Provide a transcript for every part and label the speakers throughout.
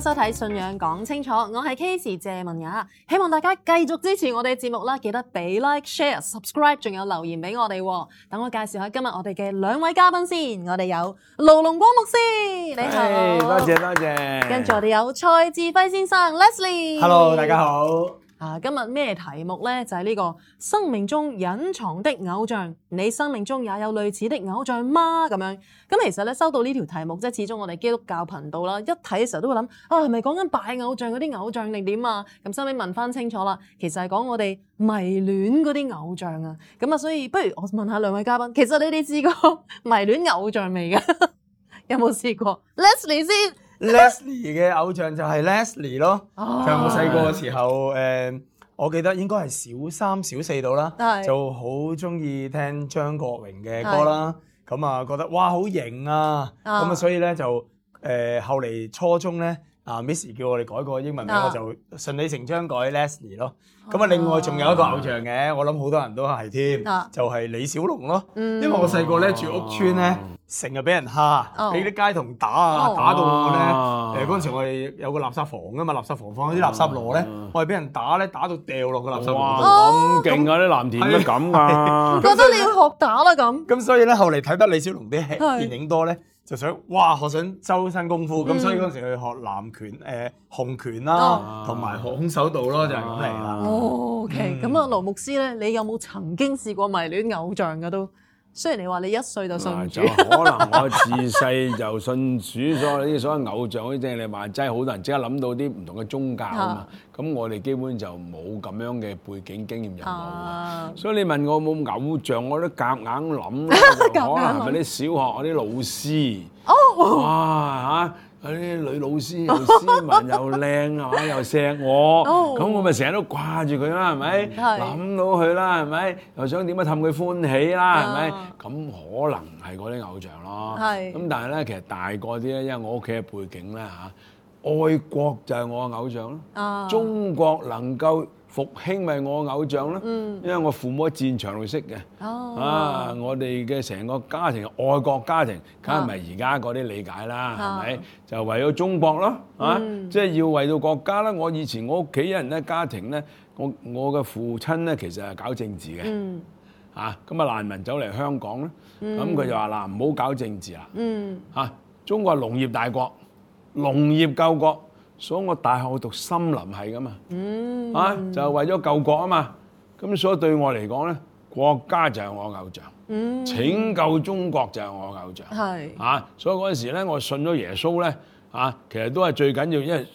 Speaker 1: 收睇信仰講清楚，我係 Casey 謝文雅，希望大家繼續支持我哋節目啦，記得俾 like、share、subscribe，仲有留言俾我哋。等我介紹下今日我哋嘅兩位嘉賓先，我哋有盧龍光牧師，你好，多謝、hey, 多謝，多
Speaker 2: 謝，跟住我
Speaker 1: 哋有蔡志輝先生 Leslie，Hello，大家好。啊，今日咩題目呢？就係呢個生命中隱藏的偶像，你生命中也有類似的偶像嗎？咁樣咁其實咧收到呢條題目，即係始終我哋基督教頻道啦，一睇嘅時候都會諗，啊係咪講緊拜偶像嗰啲偶像定點啊？咁收尾問翻清楚啦，其實係講我哋迷戀嗰啲偶像啊，咁啊，所以不如我問下兩位嘉賓，其實你哋試過迷戀偶像未噶？ 有冇試過？Let's listen。Let
Speaker 3: Leslie 嘅偶像就係 Leslie 咯，就我細個嘅時候，誒，我記得應該係小三小四度啦，是就好鍾意聽張國榮嘅歌啦，咁啊，是覺得哇好型啊，咁啊，所以咧就誒後嚟初中咧。啊，Miss 叫我哋改個英文名，我就順理成章改 Leslie 咯。咁啊，另外仲有一個偶像嘅，我諗好多人都係添，就係李小龍咯。因為我細個咧住屋村咧，成日俾人蝦，俾啲街童打啊，打到咧。誒，嗰陣時我哋有個垃圾房啊嘛，垃圾房放啲垃圾羅咧，我係俾人打咧，打到掉落個垃圾。哇！咁勁
Speaker 2: 啊！啲藍田都咁噶。
Speaker 3: 覺得你要
Speaker 1: 學打啦咁。
Speaker 3: 咁所以咧，後嚟睇得李小龍啲戲電影多咧。就想哇學想周身功夫咁，嗯、所以嗰陣時去學南拳、呃、洪拳啦、啊，同埋、啊、學
Speaker 2: 空手道咯、啊，就係咁嚟啦。
Speaker 1: OK，咁啊、嗯，羅牧師咧，你有冇曾經試過迷戀偶像噶都？雖然你話你一歲就信主，可
Speaker 2: 能我自細就信主，所以啲所謂偶像嗰啲，即係你話齋，好多人即刻諗到啲唔同嘅宗教啊嘛。咁是、啊、我哋基本就冇咁樣嘅背景經驗入腦，是啊、所以你問我冇偶像，我都夾硬諗， 硬硬想可能係咪啲小學嗰啲老師，哇嚇、oh. 啊！嗰啲女老師又斯文又靚，係嘛？又錫我，咁我咪成日都掛住佢啦係咪？諗到佢啦係咪？又想點樣氹佢歡喜啦係咪？咁可能係嗰啲偶像咯。係。咁但係咧，其實大個啲咧，因為我屋企嘅背景咧嚇，愛國就係我嘅偶像咯。啊。中國能夠復興咪我偶像咯，嗯、因為我父母喺戰場度識嘅，哦、啊，我哋嘅成個家庭愛國家庭，梗係咪而家嗰啲理解啦，係咪、啊？就為咗中國咯，啊，嗯、即係要為到國家啦。我以前我屋企人咧，家庭咧，我我嘅父親咧，其實係搞政治嘅，嗯、啊，咁啊難民走嚟香港
Speaker 3: 咧，咁佢、嗯、就話
Speaker 2: 嗱，唔好搞政治啦，嗯、啊，中國係農業大國，農業救國。嗯所以我大學讀森林系㗎嘛，嗯、啊就係、是、為咗救國啊嘛。咁所以對我嚟講咧，國家就係我偶像，嗯、拯救中國就係我偶像。係是啊，所以嗰陣時咧，我信咗耶穌咧，啊其實都係最緊要，因為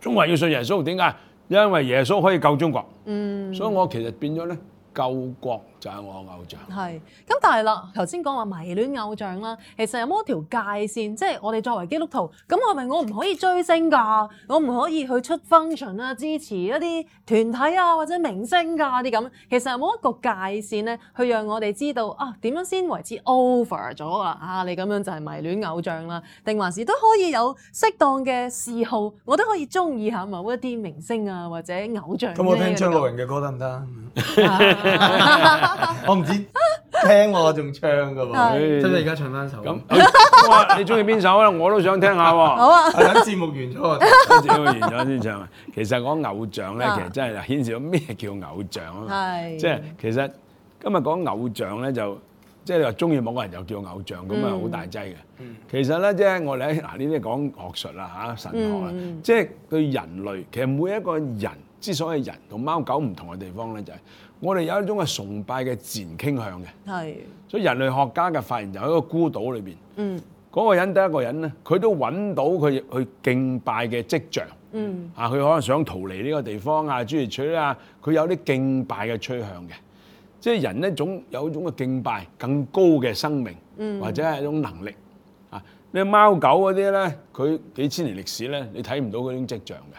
Speaker 2: 中國要信耶穌。點解？因為耶穌可以救中國。嗯，
Speaker 1: 所以我
Speaker 2: 其實變咗咧救國。就係我偶像。
Speaker 1: 係，咁但係啦，頭先講話迷戀偶像啦，其實有冇一條界線？即係我哋作為基督徒，咁係咪我唔可以追星㗎？我唔可以去出 function 啊，支持一啲團體啊，或者明星㗎啲咁？其實有冇一個界線咧，去讓我哋知道啊點樣先為之 over 咗啊？啊，你咁樣就係迷戀偶像啦，定還是都可以有適當嘅嗜好，我都可以鍾意下某一啲明星啊，或者偶像啊。咁我聽張
Speaker 3: 國榮嘅歌得唔得？ 我唔知
Speaker 2: 聽我仲唱噶喎，即係
Speaker 3: 而
Speaker 2: 家唱翻首。咁、 哦，你中意邊首咧？我都想聽下。好啊。我等節目完咗，節目完咗先唱啊。其實講偶像咧，其實真係嗱，顯示咗咩叫偶像啊。係是。即係其實今日講偶像咧，就即、是、係你話中意某個人就叫偶像，咁啊好大劑嘅。 其實咧，即係我哋喺嗱呢啲講學術啦，吓神學啦，即係、嗯、對人類，其實每一個人之所以人貓不同貓狗唔同嘅地方咧，就係、是。我哋有一種嘅崇拜嘅自然傾向嘅，所以人類學家嘅發現就喺個孤島裏邊，嗰個人得一個人咧，佢都揾到佢去敬拜嘅跡象，啊，佢可能想逃離呢個地方啊，諸如此類啊，佢有啲敬拜嘅趨向嘅，即係人一種有一種嘅敬，敬拜更高嘅生命，或者係一種能力，啊，你貓狗嗰啲咧，佢幾千年歷史咧，你睇唔到嗰種跡象嘅。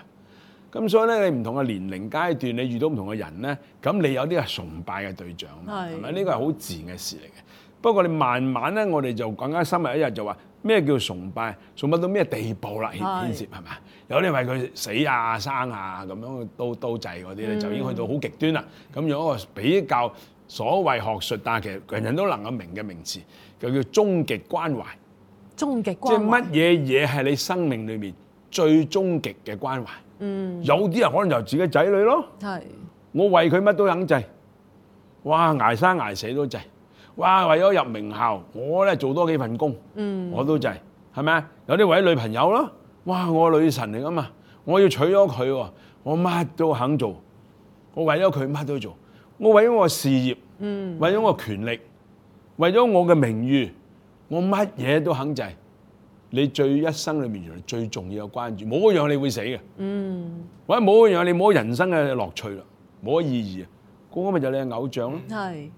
Speaker 2: 咁所以咧，你唔同嘅年齡階段，你遇到唔同嘅人咧，咁你有啲係崇拜嘅對象嘛，係咪呢個係好自然嘅事嚟嘅？不過你慢慢咧，我哋就更加深入一日就話咩叫崇拜，崇拜到咩地步啦？牽涉係咪有啲為佢死啊、生啊咁樣都刀,刀制嗰啲咧，就已經去到好極端啦。咁用、嗯、一個比較所謂學術，但係其實人人都能夠明嘅名詞，就叫終極關懷。終極關懷即係乜嘢嘢係你生命裏面最終極嘅關懷？嗯，有啲人可能就自己仔女咯，是我為佢乜都肯制，哇捱生捱死都制，哇為咗入名校，我咧做多幾份工，嗯、我都制，係咪啊？有啲為咗女朋友咯，哇我女神嚟噶嘛，我要娶咗佢，我乜都肯做，我為咗佢乜都做，我為咗我事業，嗯、為咗我權力，為咗我嘅名譽，我乜嘢都肯制。你最一生裏面原來最重要嘅關注，冇一樣你會死嘅。嗯，或者，冇一樣你冇人生嘅樂趣啦，冇乜意義啊。嗰個咪就你嘅偶像咯，係，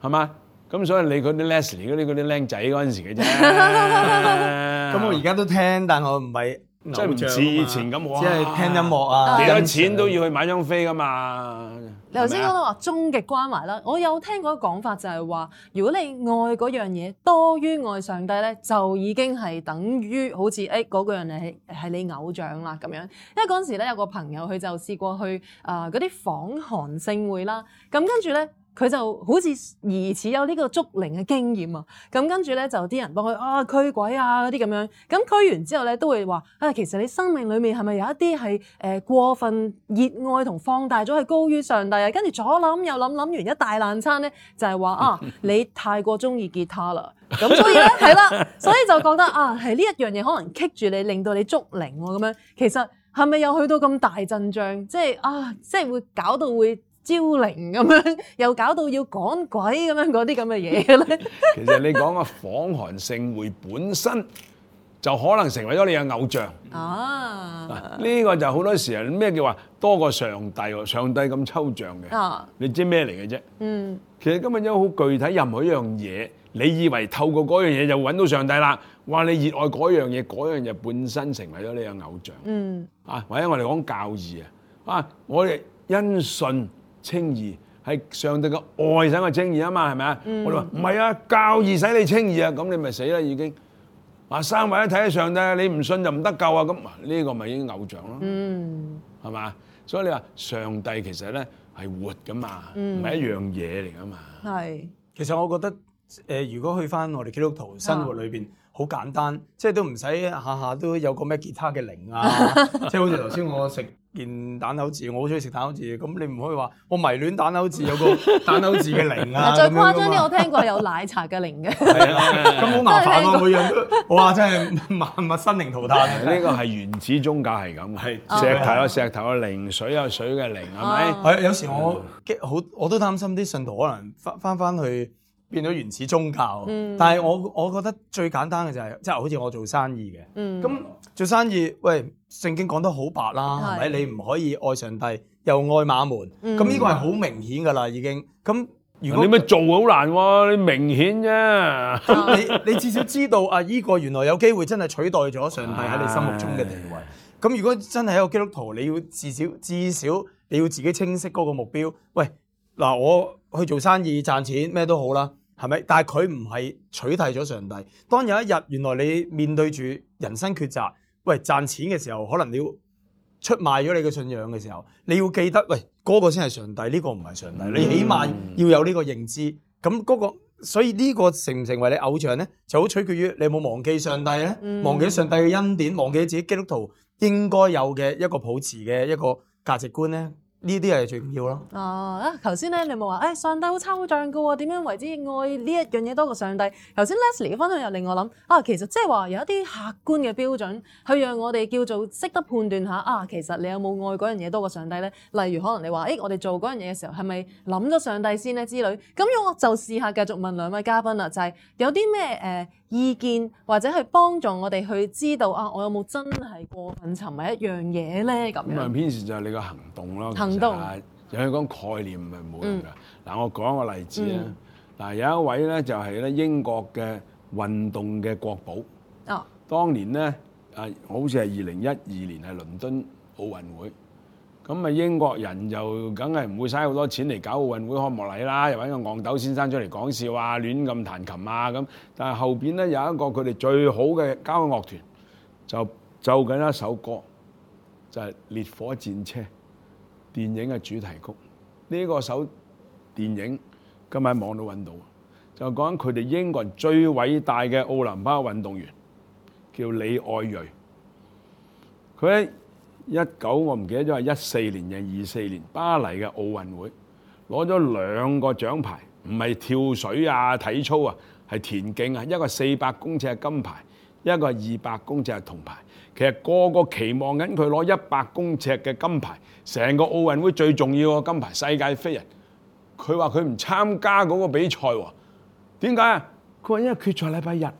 Speaker 2: 係咪？咁所以你嗰啲 Leslie 嗰啲嗰啲僆仔嗰陣時嘅啫。咁我而家都聽，但係我唔係即係唔似以前咁，即係聽音樂啊，幾多錢都要去買張飛㗎嘛。你頭先講到話
Speaker 1: 終極關懷啦，我有聽過一個講法就係話，如果你愛嗰樣嘢多於愛上帝咧，就已經係等於好似誒嗰個人係係你偶像啦咁樣。因為嗰陣時咧有個朋友佢就試過去啊嗰啲訪韓聖會啦，咁跟住咧。佢就好似疑似有呢個捉靈嘅經驗啊，咁跟住咧就有啲人幫佢啊驅鬼啊嗰啲咁樣，咁驅完之後咧都會話：啊，其實你生命裏面係咪有一啲係誒過分熱愛同放大咗係高於上帝啊？跟住左諗右諗諗完一大爛餐咧，就係、是、話啊，你太過中意吉他啦，咁所以咧係啦，所以就覺得啊，係呢一樣嘢可能棘住你，令到你捉靈喎、啊、咁樣。其實係咪有去到咁大陣仗？即係啊，即係會搞到會。招靈咁樣，又搞到要趕鬼咁樣嗰啲咁嘅嘢咧。的
Speaker 2: 其實你講啊，訪韓聖會本身就可能成為咗你嘅偶像。啊，呢、啊呢個就好多時啊，咩叫話多過上帝？上帝咁抽象嘅。哦、啊，你知咩嚟嘅啫？嗯，其實今日有好具體，任何一樣嘢，你以為透過嗰樣嘢就揾到上帝啦？話你熱愛嗰樣嘢，嗰樣嘢本身成為咗你嘅偶像。嗯，啊，或者我哋講教義啊，啊，我哋因信。稱義係上帝嘅愛使嘅稱義啊嘛，係咪啊？嗯、我哋話唔係啊，教義使你稱義啊，咁你咪死啦已經了。話三位一體上帝，你唔信就唔得救啊！咁呢、呢個咪已經是偶像咯，係嘛、嗯？所以你話上帝其實咧係活噶嘛，唔係、嗯、一樣嘢嚟噶嘛。
Speaker 1: 係
Speaker 3: 是其實我覺得誒、呃，如果去返我哋基督徒生活裏邊，好、嗯、簡單，即係都唔使下下都有個咩吉他嘅靈啊，即係 好似頭先我食。件蛋口字，我好中意食蛋口字，咁你唔可以話我迷戀蛋口字有個蛋口字嘅靈啊！咁樣啊，最誇張啲，
Speaker 1: 我聽過有奶茶嘅靈嘅。
Speaker 3: 係啊，咁好、啊、 麻煩咯、啊，每樣都，哇！真係萬物生靈塗炭。呢 個係
Speaker 2: 原始宗教係咁嘅，石頭有石頭嘅靈，水有水嘅靈，係咪？係 有
Speaker 3: 時我好，我都擔心啲信徒可能返返返去。變咗原始宗教，但係我我覺得最簡單嘅就係、是，即、就、係、是、好似我做生意嘅，咁、嗯、做生意喂，聖經講得好白啦，係咪是？你唔可以愛上帝又愛馬門，咁呢、嗯、個係好明顯噶啦，已經。咁如果你咪做，好難喎、啊，你明顯啫。你你至少知道 啊，呢、這個原來有機會真係取代咗上帝喺你心目中嘅地位。咁如果真係一個基督徒，你要至少至少你要自己清晰嗰個目標。喂，嗱，我去做生意賺錢咩都好啦。係咪？但係佢唔係取替咗上帝。當有一日，原來你面對住人生抉擇，喂，賺錢嘅時候，可能你要出賣咗你嘅信仰嘅時候，你要記得，喂，嗰個先係上帝，呢個唔係上帝。你起碼要有呢個認知。咁嗰個，所以呢個成唔成為你偶像咧，就好取決於你有冇忘記上帝咧，忘記上帝嘅恩典，忘記自己基督徒應該有嘅一個抱持嘅一個價值觀咧。呢啲係最重要咯。
Speaker 1: 啊啊，頭先咧，你冇話誒上帝好抽象㗎喎，點樣為之愛呢一樣嘢多過上帝？頭先 Leslie 嘅分享又令我諗啊，其實即係話有一啲客觀嘅標準，去讓我哋叫做識得判斷下啊，其實你有冇愛嗰樣嘢多過上帝咧？例如可能你話誒、哎，我哋做嗰樣嘢嘅時候，係咪諗咗上帝先咧之類？咁樣我就試下繼續問兩位嘉賓啦，就係、是、有啲咩意見或者去幫助我哋去知道啊，我有冇真係過分沉迷一樣嘢咧？咁樣。咁樣
Speaker 2: 偏就係你個行動咯。行動。行動有如講概念唔係冇用㗎。嗱、嗯，我講一個例子啦。嗱、嗯，有一位咧就係、是、咧英國嘅運動嘅國寶。哦、嗯。當年咧啊，好似係二零一二年係倫敦奧運會。咁咪英國人就梗係唔會嘥好多錢嚟搞奧運會開幕禮啦，又揾個憨豆先生出嚟講笑啊，亂咁彈琴啊咁。但係後邊咧有一個佢哋最好嘅交響樂團，就奏緊一首歌，就係、是《烈火戰車》電影嘅主題曲。呢、這個首電影今日喺網度揾到，就講佢哋英國人最偉大嘅奧林匹克運動員叫李愛銳，佢喺。一九我唔記得咗，係一四年定二四年巴黎嘅奧運會，攞咗兩個獎牌，唔係跳水啊、體操啊，係田徑啊，一個四百公尺嘅金牌，一個係二百公尺嘅銅牌。其實個個期望緊佢攞一百公尺嘅金牌，成個奧運會最重要嘅金牌，世界飛人。佢話佢唔參加嗰個比賽喎，點解啊？佢話因為決賽禮拜日。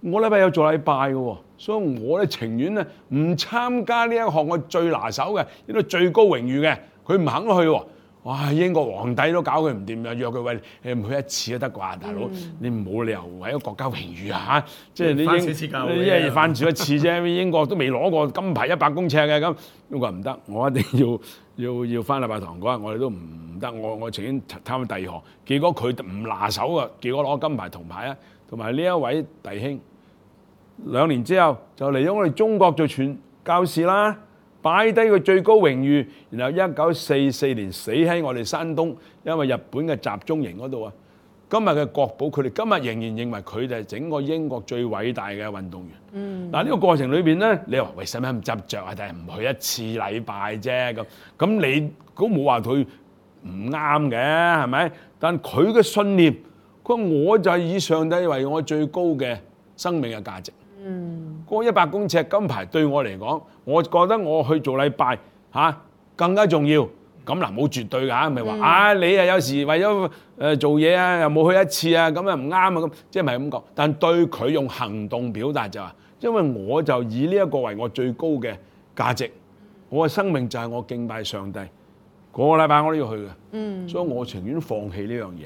Speaker 2: 我禮拜有做禮拜嘅，所以我咧情願咧唔參加呢一項我最拿手嘅呢個最高榮譽嘅，佢唔肯去喎。哇！英國皇帝都搞佢唔掂嘅，約佢，喂誒去一次都得啩，大佬、嗯、你唔好理由為咗個國家榮譽嚇，嗯、即係你英、啊、你一翻住一次啫， 英國都未攞過金牌一百公尺嘅咁，英國唔得，我一定要要要翻禮拜堂嗰日，我哋都唔得，我我情願參加第二項。結果佢唔拿手啊，結果攞金牌銅牌啊！同埋呢一位弟兄，兩年之後就嚟咗我哋中國做傳教士啦，擺低佢最高榮譽，然後一九四四年死喺我哋山東，因為日本嘅集中營嗰度啊。今日嘅國寶，佢哋今日仍然認為佢哋係整個英國最偉大嘅運動員。嗯。嗱呢個過程裏面呢，你話為使咩咁執着啊？但係唔去一次禮拜啫咁。咁你都冇話佢唔啱嘅係咪？但佢嘅信念。佢我就以上帝為我最高嘅生命嘅價值。嗯，個一百公尺金牌對我嚟講，我覺得我去做禮拜嚇、啊、更加重要。咁嗱，冇絕對㗎嚇，咪話、嗯、啊你啊，有時為咗誒、呃、做嘢啊，又冇去一次啊，咁啊唔啱啊咁，即係唔係咁講？但對佢用行動表達就話，因為我就以呢一個為我最高嘅價值，我嘅生命就係我敬拜上帝。嗰、那個禮拜我都要去嘅，嗯、所以我情願放棄呢樣嘢。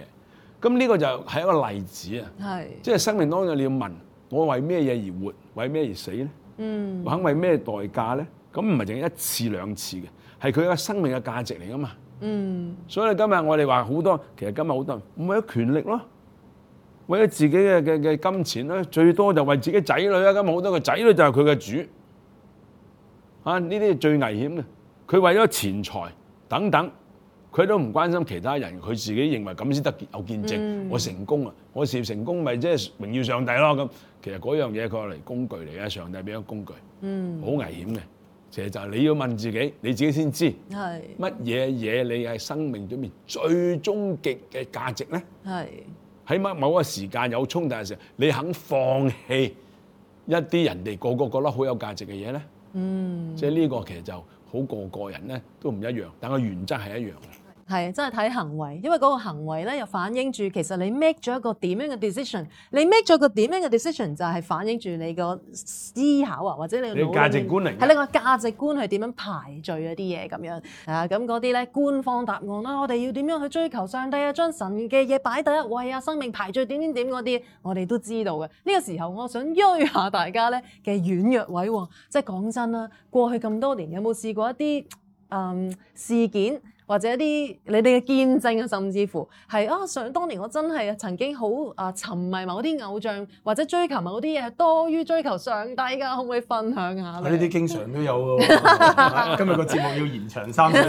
Speaker 2: 咁呢個就係一個例子啊！是即係生命當中你要問：我為咩嘢而活？為咩而死咧？嗯、肯為咩代價咧？咁唔係淨係一次兩次嘅，係佢嘅生命嘅價值嚟㗎嘛。嗯、所以今日我哋話好多，其實今日好多，唔為咗權力咯，為咗自己嘅嘅嘅金錢咯，最多就為自己仔女啦。今日好多個仔女就係佢嘅主啊！呢啲係最危險嘅，佢為咗錢財等等。佢都唔關心其他人，佢自己認為咁先得有見證，我成功啊！我事業成功咪即係榮耀上帝咯咁。其實嗰樣嘢佢係工具嚟嘅，上帝俾咗工具，嗯，
Speaker 1: 好危
Speaker 2: 險嘅。其實就係你要問自己，你自己先知乜嘢嘢你係生命裡面最終極嘅價值咧？係喺乜某一個時間有衝突嘅時候，你肯放棄一啲人哋個個覺得好有價值嘅嘢咧？嗯，即係呢個其實就好個個人咧都唔一樣，但個原則係一樣嘅。
Speaker 1: 係，真係睇行為，因為嗰個行為咧又反映住其實你 make 咗一個點樣嘅 decision，你 make 咗個點樣嘅 decision 就係反映住你個思考啊，或者你，你價值觀嚟，係另外價值觀係點樣排序嗰啲嘢咁樣啊。咁嗰啲咧官方答案啦，我哋要點樣去追求上帝啊？將神嘅嘢擺第一位啊，生命排序點點點嗰啲，我哋都知道嘅。呢個時候我想喐下大家咧嘅軟弱位喎，即係講真啦，過去咁多年有冇試過一啲嗯事件？或者一啲你哋嘅見證啊，甚至乎係啊，想當年我真係曾經好啊沉迷某啲偶像，或者追求某啲嘢多於追求上帝噶，可唔可以分享一下你？呢
Speaker 3: 啲、啊、經常都有、 啊、今日個節目要延長三倍，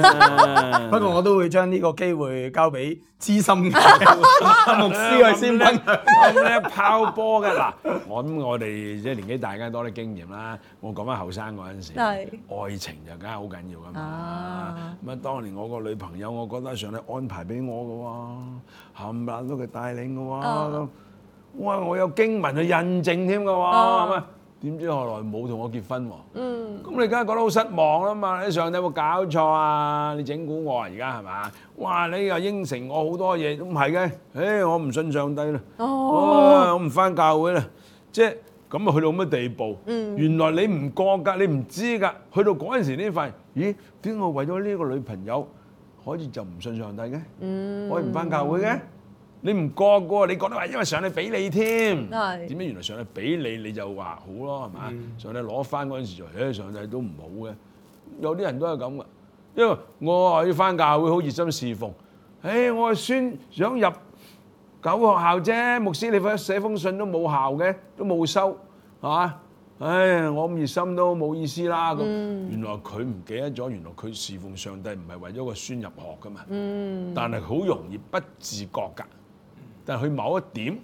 Speaker 3: 不過我都會將呢個機會交俾資深牧師去先啦。
Speaker 2: 咁咧、啊啊、拋波嘅嗱，我諗我哋即係年紀大啲，多啲經驗啦。我講翻後生嗰陣時候，的愛情就梗係好緊要噶嘛。咁啊，當年我個啊啊啊啊女朋友，我覺得上帝安排俾我嘅喎，冚唪唥都佢帶領嘅喎，哇！我有經文去印證添嘅喎，點知後來冇同我結婚喎？咁你而家覺得好失望啦嘛！你上帝有冇搞錯啊？你整蠱我啊！而家係咪？哇！你又應承我好多嘢，咁係嘅，誒！我唔信上帝啦，
Speaker 1: 我唔
Speaker 2: 翻教會啦，即係咁啊！去到乜地步？原來你唔過㗎，你唔知㗎，去到嗰陣時先發現，咦？點解我為咗呢個女朋友？可以就唔信上帝嘅，可以唔翻教會嘅。你唔覺嘅喎，你覺得話因為上帝俾你添，點解原來上帝俾你你就話好咯？係嘛？上帝攞翻嗰陣時就誒，上帝都唔好嘅。有啲人都係咁嘅，因為我話要翻教會，好熱心侍奉。誒，我個孫想入狗學校啫，牧師你寫封信都冇效嘅，都冇收，係嘛？唉，我咁熱心都冇意思啦。咁、嗯、原來佢唔記得咗，原來佢侍奉上帝唔係為咗個孫入學噶嘛。嗯、但係好容易不自覺㗎。但係佢某一點、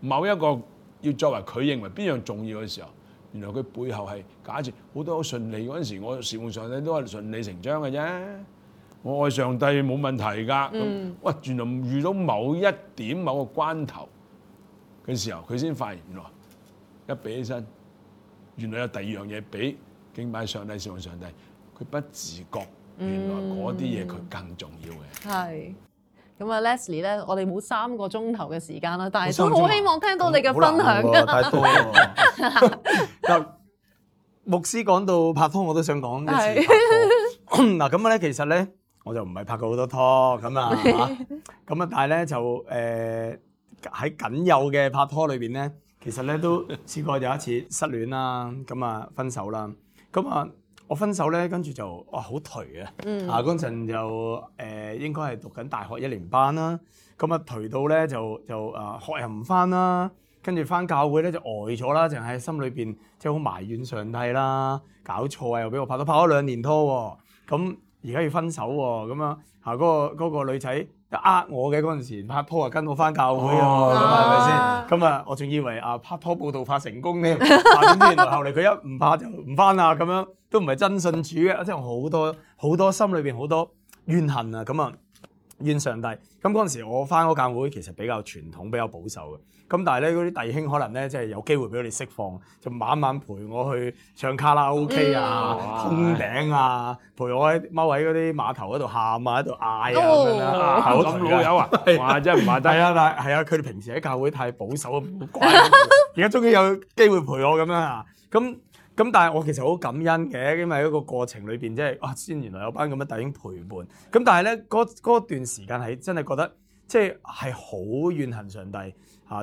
Speaker 2: 某一個要作為佢認為邊樣重要嘅時候，原來佢背後係假設好多好順利嗰陣時，我侍奉上帝都係順理成章嘅啫。我愛上帝冇問題㗎。咁喂、嗯，原來遇到某一點某個關頭嘅時候，佢先發現原來一比起身。原來有第二樣嘢比敬拜上帝，侍奉上帝，佢不自覺，原來嗰啲嘢佢更重要嘅。係
Speaker 1: 咁啊、嗯、，Leslie 咧，我哋冇三個鐘頭嘅時間啦，但係都好希望聽到你嘅分享㗎。太、啊、多
Speaker 2: 啦
Speaker 3: 牧師講到拍拖，我都想講嗱咁咧，其實咧，我就唔係拍過好多拖咁啊，咁啊， 但係咧就誒喺、呃、僅有嘅拍拖裏邊咧。其實咧都試過有一次失戀啦，咁啊分手啦，咁啊我分手咧跟住就哇好頹啊，嚇嗰陣就誒、呃、應該係讀緊大學一年班啦，咁啊頹到咧就就啊、呃、學人唔翻啦，跟住翻教會咧就呆咗啦，淨係心裏面，即係好埋怨上帝啦，搞錯啊，又俾我拍咗拍咗兩年拖喎，咁而家要分手喎，咁啊，嗰、個嗰、個女仔。呃，我嘅嗰陣時拍拖啊，跟我返教會咁、哦、啊，係咪先？咁啊，我仲以為啊拍拖佈道拍成功呢，後屘 原來後嚟佢一唔拍就唔返啦，咁樣都唔係真信主嘅，即係好多好多心裏面好多怨恨啊，咁啊～怨上帝。咁嗰陣時，我翻嗰教會其實比較傳統、比較保守嘅。咁但係咧，嗰啲弟兄可能咧，即係有機會俾我哋釋放，就晚晚陪我去唱卡拉 OK 啊、嗯、通頂啊，陪我喺踎喺嗰啲碼頭嗰度、啊、喊啊、喺度嗌啊咁。老友啊，話真係唔話得啦，係啊，佢哋平時喺教會太保守啊，乖。而家終於有機會陪我咁樣啊，咁。咁但係我其實好感恩嘅，因為一個過程裏面、就是，即係哇，雖然原來有班咁嘅弟兄陪伴。咁但係咧，嗰嗰段時間係真係覺得即係好怨恨上帝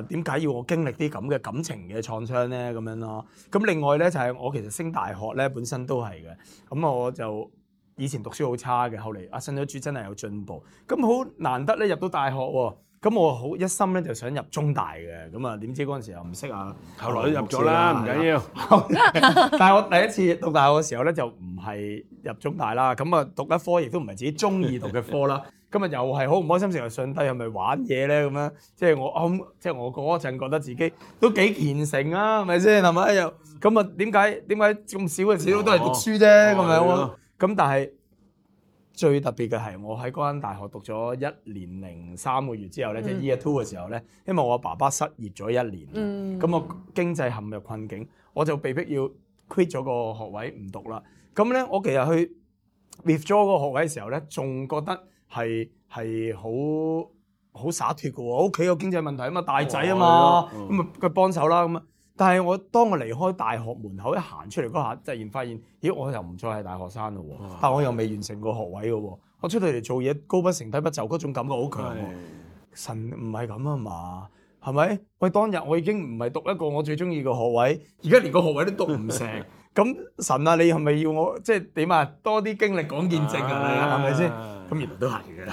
Speaker 3: 點解、啊、要我經歷啲咁嘅感情嘅創傷咧？咁樣咯。咁、啊、另外咧就係、是、我其實升大學咧本身都係嘅。咁、啊、我就以前讀書好差嘅，後嚟阿、啊、信主真係有進步。咁好難得咧入到大學喎、啊。咁我好一心咧就想入中大嘅，咁啊點知嗰陣時候又唔識啊，後來都入咗啦，唔緊要。但係我第一次讀大學嘅時候咧，就唔係入中大啦，咁啊讀一科亦都唔係自己中意讀嘅科啦。咁啊，又係好唔開心，成日 上帝係咪玩嘢咧？咁啊，即係我啱，即係我嗰陣覺得自己都幾虔誠啊，係咪先係咪？又咁啊？點解點解咁少嘅時候都係讀書啫？咁啊、哦。咁、哦， 但係最特別嘅係，我喺嗰間大學讀咗一年零三個月之後咧，嗯、就 year two 嘅時候咧，因為我爸爸失業咗一年，咁、嗯、我經濟陷入困境，我就被逼要 quit 咗個學位唔讀啦。咁咧，我其實去 withdraw 咗個學位嘅時候咧，仲覺得係係好好灑脱嘅喎。屋企有經濟問題啊嘛，大仔啊嘛，咁咪佢幫手啦咁啊。但係我當我離開大學門口一行出嚟嗰下，突然發現，咦，我又唔再係大學生咯，但我又未完成過學位嘅，我出到嚟做嘢，高不成低不就，嗰種感覺好強。是的神唔係咁啊嘛，係咪？喂，當日我已經唔係讀一個我最中意嘅學位，而家連個學位都讀唔成，咁 神啊，你係咪要我即係點啊？多啲經歷講見證啊，係咪先？咁原來都係
Speaker 2: 嘅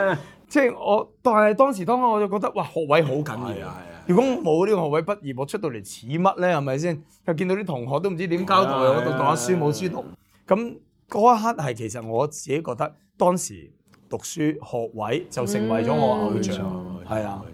Speaker 2: 啦。
Speaker 3: 即係我但係當時當我我就覺得，哇，學位好緊要。如果冇呢個學位畢業，我出到嚟似乜咧？係咪先？又見到啲同學，都唔知點交代我我度讀下書冇書讀。咁嗰一刻係其實我自己覺得，當時讀書學位就成為咗我偶像，係啊。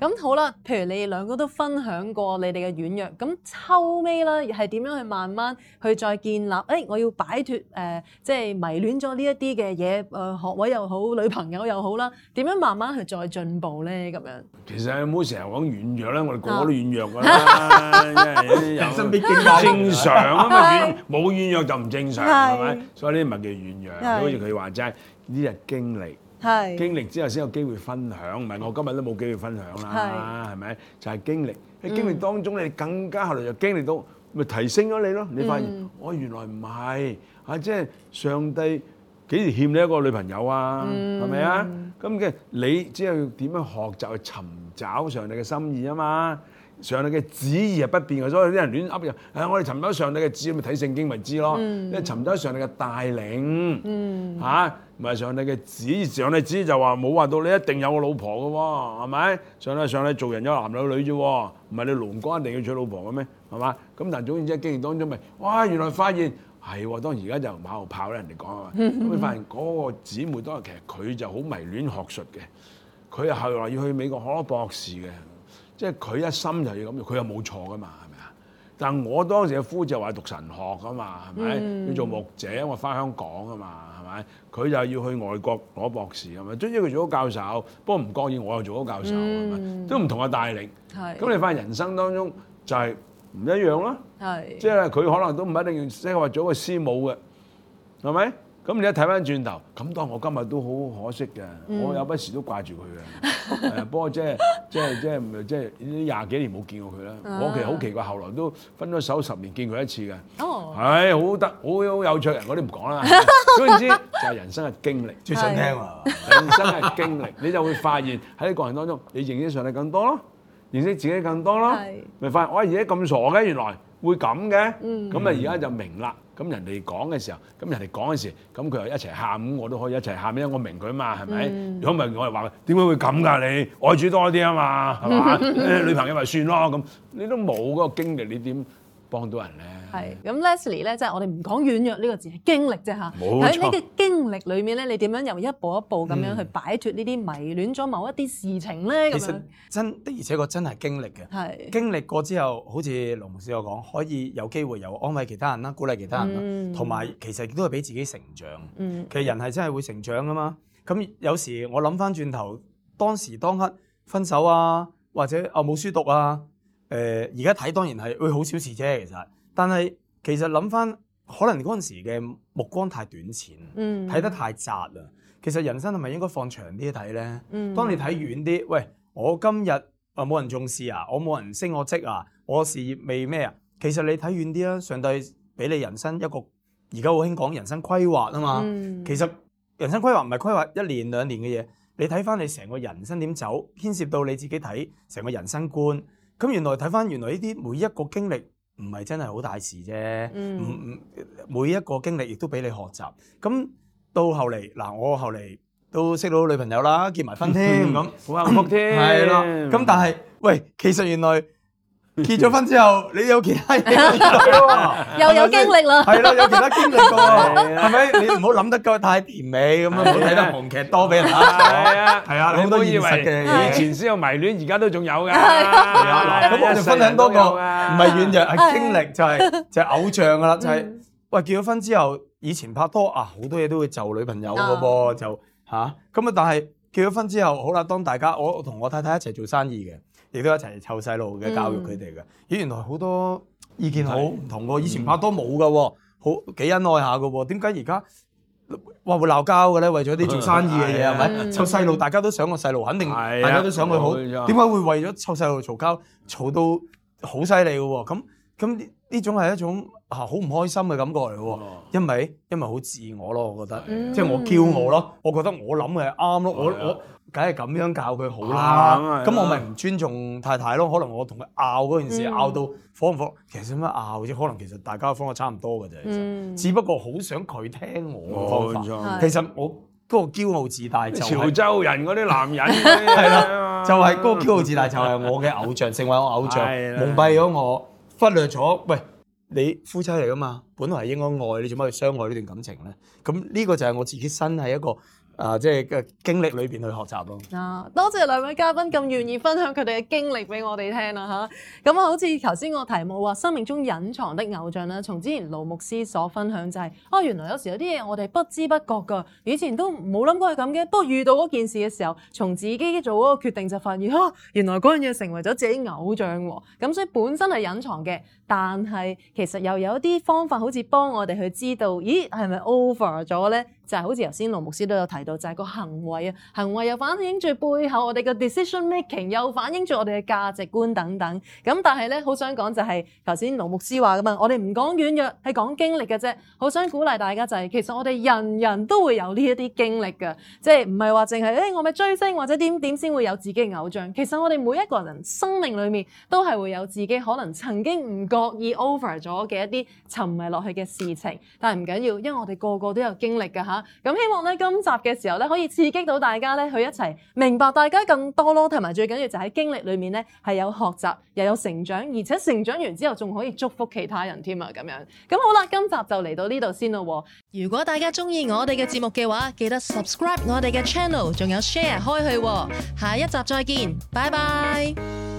Speaker 1: 咁好啦，譬如你哋兩個都分享過你哋嘅軟弱，咁後屘啦，係點樣去慢慢去再建立？誒，我要擺脫誒，即係迷戀咗呢一啲嘅嘢，誒學位又好，女朋友又好啦，點樣慢慢去再進步咧？咁樣
Speaker 2: 其實你唔好成日講軟弱啦，我哋個個都軟弱㗎啦，因為人生必經正常啊嘛，冇軟弱就唔正常係咪？所以呢啲唔係叫軟弱，好似佢話齋呢啲係經歷。係經歷之後先有機會分享，唔係我今日都冇機會分享啦，係咪？就係經歷喺經歷當中，你更加後來又經歷到，咪提升咗你咯？你發現我原來唔係啊，即係上帝幾時欠你一個女朋友啊？係咪啊？咁嘅你之後點樣學習去尋找上帝嘅心意吖嘛，上帝嘅旨意係不變嘅，所以啲人亂噏又，係我哋尋找上帝嘅旨意，咪睇聖經咪知咯。你尋找上帝嘅帶領，嚇。唔係上帝嘅旨意，上帝旨意就話冇話到你一定有個老婆嘅喎，係咪？上帝上帝做人有男有女啫女，唔係你龍哥一定要娶老婆嘅咩？係嘛？咁但係總然之喺經驗當中咪，哇！原來發現係當而家就馬後炮啦，人哋講啊，咁 你發現嗰個姊妹當日其實佢就好迷戀學術嘅，佢後來要去美國學咗博士嘅，即係佢一心就要咁，佢又冇錯噶嘛，係咪啊？但我當時嘅夫就話讀神學噶、嗯、嘛，係咪要做牧者？我翻香港啊嘛。佢就要去外國攞博士，係咪？終於佢做咗教授，不過唔覺意我又做咗教授，係咪、嗯？都唔同嘅帶領。係的。咁你發現人生當中就係唔一樣囉。係的。即係佢可能都唔一定要，即係話做一個師母嘅，係咪？咁你一睇翻轉頭，咁當我今日都好可惜嘅，我有不時都掛住佢嘅。嗯、不過即係即係即係唔係即係廿幾年冇見過佢啦。啊、我其實好奇怪，後來都分咗手十年，見佢一次嘅。係、哦哎、好得好，好有趣。人，我哋唔講啦。總言之，就係人生嘅經歷，最想聽喎。是人生嘅經歷，你就會發現喺呢個過程當中，你認識上帝更多咯，認識自己更多咯，咪是發現我而家咁傻嘅，原來會咁嘅。咁啊、嗯，而家就明啦。咁人哋講嘅時候，咁人哋講嘅時，咁佢又一齊喊，我都可以一齊喊，因為我明佢啊嘛，係咪？如果唔係，我係話點解會咁㗎？你愛主多啲啊嘛，係嘛、 哎？女朋友咪算咯，咁你都冇嗰個經歷，你點？幫到人咧，
Speaker 1: 係咁。Leslie 咧，即係我哋唔講軟弱呢個字，係經歷啫嚇。冇錯喺呢個經歷裏面咧，你點樣又一步一步咁樣、嗯、去擺脫呢啲迷戀咗某一啲事情咧？其實
Speaker 3: 樣真的，而且我真係經歷嘅。係是經歷過之後，好似盧牧師有講，可以有機會又安慰其他人啦，鼓勵其他人啦，同埋、嗯、其實亦都係俾自己成長。嗯、其實人係真係會成長噶嘛。咁有時我諗翻轉頭，當時當刻分手啊，或者啊冇、哦、書讀啊。誒而家睇當然係，會好小事啫，其實。但係其實諗翻，可能嗰陣時嘅目光太短淺，嗯、睇得太窄啦。其實人生係咪應該放長啲睇呢？嗯、當你睇遠啲，喂，我今日啊冇人重視啊，我冇人升我職啊，我事業未咩啊？其實你睇遠啲啦，上帝俾你人生一個，而家好興講人生規劃啊嘛。嗯、其實人生規劃唔係規劃一年兩年嘅嘢，你睇翻你成個人生點走，牽涉到你自己睇成個人生觀。咁原來睇返原來呢啲每一個經歷唔係真係好大事啫，唔唔每一個經歷亦都俾你學習。咁到後嚟嗱，我後嚟都識到女朋友啦，結埋婚添，咁、嗯樣嗯、好幸福添。係啦，咁 但係喂，其實原來。結咗婚之後，你有其他嘢出嚟咯。又有經歷啦，係啦，有其他經歷過啊，係咪？你唔好諗得咁太甜美咁啊，唔好睇得韓劇多俾人。係啊，係啊，好多現實嘅，以前先有
Speaker 2: 迷戀，而家都仲有噶。係啊，咁我就分享多個，
Speaker 3: 唔係軟弱就係經歷，就係就係偶像噶啦，就係喂，結咗婚之後，以前拍拖啊，好多嘢都會就女朋友噶噃，就吓咁啊，但係結咗婚之後，好啦，當大家我同我太太一齊做生意嘅。亦都一齊湊細路嘅，教育佢哋嘅。咦、嗯，原來好多意見好唔同喎，以前拍拖冇噶，嗯、好幾恩愛下噶。點解而家話會鬧交嘅咧？為咗啲做生意嘅嘢係咪？湊細路大家都想個細路，嗯、肯定大家都想佢好。點解、嗯、會為咗湊細路嘈交，嘈到好犀利嘅？咁咁呢種係一種嚇好唔開心嘅感覺嚟嘅。因為因為好自我咯，我覺得我，即係、嗯、我驕傲咯，嗯、我覺得我諗係啱咯，我我。梗係咁樣教佢好啦，咁、啊、我咪唔尊重太太咯？可能我同佢拗嗰件事，拗、嗯、到火唔火？其實做乜拗啫？可能其實大家方法差唔多嘅啫，嗯、只不過好想佢聽我方法、哦、其實我嗰個驕傲自大，就潮州人嗰啲男人係啦，就係嗰個驕傲自大就係我嘅偶像，成為我偶像，是吧 蒙蔽咗我，忽略咗。喂，你夫妻嚟噶嘛？本來係應該愛你，做乜去傷害呢段感情咧？咁呢個就係我自己身係一個。啊，即係嘅經歷裏面去學習咯。啊，
Speaker 1: 多謝兩位嘉賓咁願意分享佢哋嘅經歷俾我哋聽啦，吓，咁啊，嗯、好似頭先個題目話生命中隱藏的偶像啦，從之前盧牧師所分享就係、是，啊、哦、原來有時候有啲嘢我哋不知不覺噶，以前都冇諗過係咁嘅。不過遇到嗰件事嘅時候，從自己做嗰個決定就發現，啊原來嗰樣嘢成為咗自己偶像喎。咁所以本身係隱藏嘅，但係其實又有一啲方法好似幫我哋去知道，咦係咪 over 咗咧？就係好似頭先羅牧師都有提到，就係、是、個行為啊，行為又反映住背後我哋嘅 decision making，又反映住我哋嘅價值觀等等。咁但係咧，好想講就係頭先羅牧師話咁啊，我哋唔講軟弱，係講經歷嘅啫。好想鼓勵大家就係、是，其實我哋人人都會有呢一啲經歷嘅，即係唔係話淨係誒我咪追星或者點點先會有自己嘅偶像。其實我哋每一個人生命裏面都係會有自己可能曾經唔覺意 over 咗嘅一啲沉迷落去嘅事情，但係唔緊要，因為我哋個個都有經歷㗎。咁希望咧，今集嘅時候咧，可以刺激到大家咧，去一齊明白大家更多咯，同埋最緊要就喺經歷裏面咧，係有學習，又有成長，而且成長完之後仲可以祝福其他人添啊！咁樣咁好啦，今集就嚟到呢度先啦。如果大家中意我哋嘅節目嘅話，記得 subscribe 我哋嘅 channel，仲有 share 開去。下一集再見，拜拜。